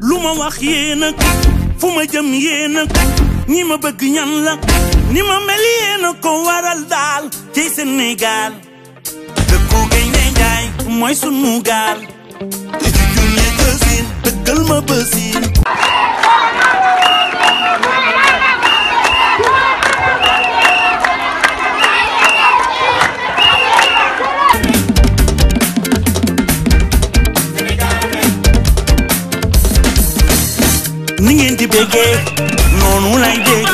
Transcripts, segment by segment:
Luma ma wax yéen a kat fu ma jëm yéen a kat ñi ma bëgg ñan la ni ma mel yéen ko waral daal ci Sénégal dëkku Gaynde Njaay mooy sunu gaal ci junne dëggal ma bësin ni ngeen di bëggee noonu lay dégg.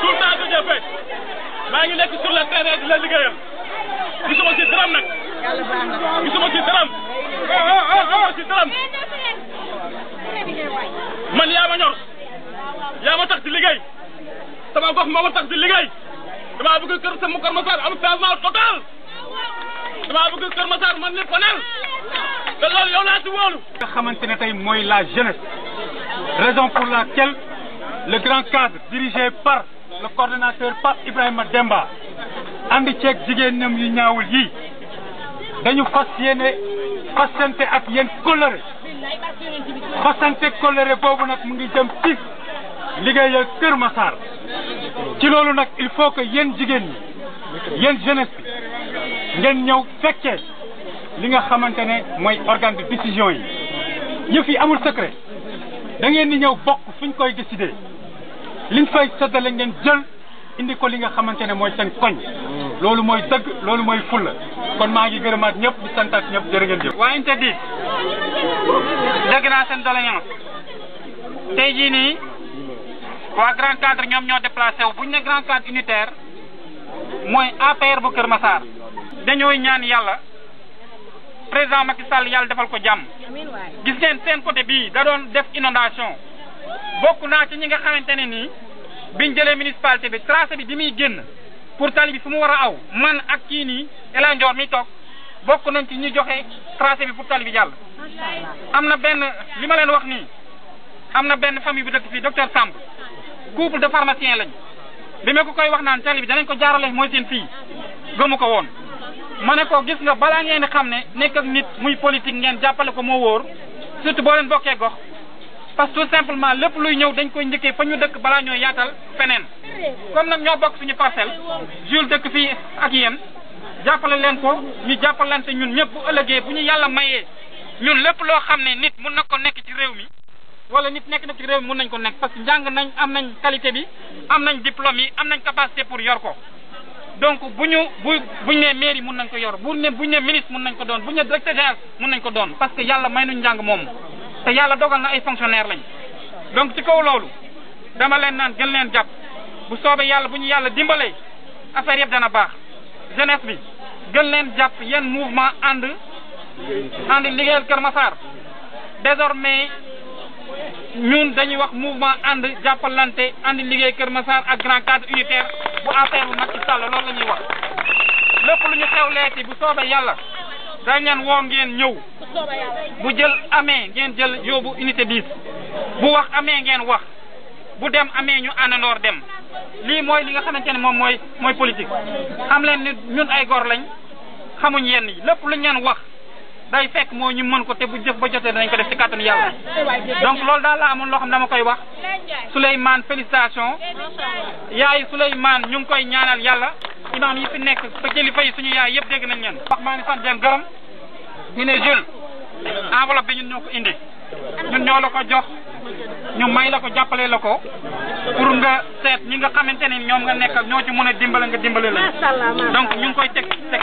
tout maa ngi nekk sur le terrain di la liggéeyal nag gisuma ci dërëm gisuma ci yaa ma ñor yaa ma tax di liggéey sama gox moo ma tax di liggéey damaa bëgg kër sama Kër Masar am changement total damaa bëgg Kër Masar man lépp ko nel te loolu yow laa ci wóolu. nga xamante ne tey mooy la jeunesse. Raison pour laquelle le grand cadre dirigé par le coordonnateur Pape Ibrahim Demba andi yu ñaawul yi dañu colère ak colère mu ngi Massar il faut que yen jigen ñi yeen jeunesse ngeen li nga organe de décision yi secret da ngeen di ñëw bokk fuñ koy décider liñ fay séddale ngeen jël indi ko li nga xamante ne mooy seen koñ loolu mooy dëgg loolu mooy fulla kon maa ngi gërëmaat ñëpp di santaat ñëpp jërë ngeen jëf. waa interdit dégg naa seen doléance tey jii nii waa grand cadre ñoom ñoo déplacé wu ñu ne grand cadre unitaire mooy APR bu Kër Massar dañooy ñaan yàlla. président Macky Sall yàlla defal ko jàmm gis ngeen seen côté bii da doon def inondation bokk naa ci ñi nga xamante ne nii biñ jëlee municipalité bi tracé bi bi muy génn pour tali bi fu mu war a aw man ak kii nii Ela Ndior mi toog bokk nañ ci ñu joxe tracé bi pour tali bi am na benn li ma leen wax nii am na benn famille bu dëkk fii docteur Samb couple de pharmacien lañ bi ma ko koy wax naan tali bi danañ ko jaarale mooy seen fii gëmu ko woon. ma ne ko gis nga balaa ngeen xam ne nekk ak nit muy politique ngeen jàppale ko moo wóor surtout boo leen bokkee gox parce que tout simplement lépp luy ñëw dañ koy njëkkee fa ñu dëkk balaa ñoo yaatal feneen comme nag ñoo bokk suñu parcelle Jules dëkk fii ak yéen jàppale leen ko ñu jàppalante ñun ñëpp bu ëllëgee bu ñu yàlla mayee ñun lépp loo xam ne nit mun na ko nekk ci réew mi wala nit nekk na ci réew mi mun nañ ko nekk parce njàng nañ am nañ qualité bi am nañ diplôme yi am nañ capacité pour yor ko donc bu ñu bu bu ñu mun nañ ko yor bu ne bu ñu nee ministre mun nañ ko doon bu ñu nee directeur mun nañ ko doon parce que yàlla may nuñ njàng moomu te yàlla dogal na ay fonctionnaire lañ donc ci kaw loolu dama leen naan gën leen jàpp bu soobee yàlla bu ñu yàlla dimbalee affaire yëpp dana baax jeunesse bi gën leen jàpp yeen mouvement ànd ànd liggéeyal Kër Massar ñun dañuy wax mouvement ànd jàppalante ànd liggéey Kër Massar ak grand cadre unitaire bu affaire bu Macky Sall loolu la ñuy wax lépp lu ñu xewleeti bu soobee yàlla dañ leen woo ngeen ñëw bu jël amee ngeen jël yóbbu unité 10 bu wax amee ngeen wax bu dem amee ñu àndandoor dem lii mooy li nga xamante ne moom mooy mooy politique xam leen ni ñun ay gor lañ xamuñ yenn yi lépp luñ leen wax. day fekk moo ñu mën ko te bu jëf ba jotee danañ ko def ci kàttanu yàlla donc loolu daal laa amul loo dama koy wax su lay Souleymane félicitation yaayu Souleymane ñu ngi koy ñaanal yàlla imaam yi fi nekk sa kilifa yi suñu yaay yëpp dégg nañ leen wax maa ngi sant leen gërëm di ne Jules enveloppe bi ñun ñoo ko indi ñun ñoo la ko jox ñu may la ko jàppalee la ko pour nga seet ñi nga xamante ni ñoom nga nekk ñoo ci mën a dimbale nga dimbale la donc ñu ngi koy teg teg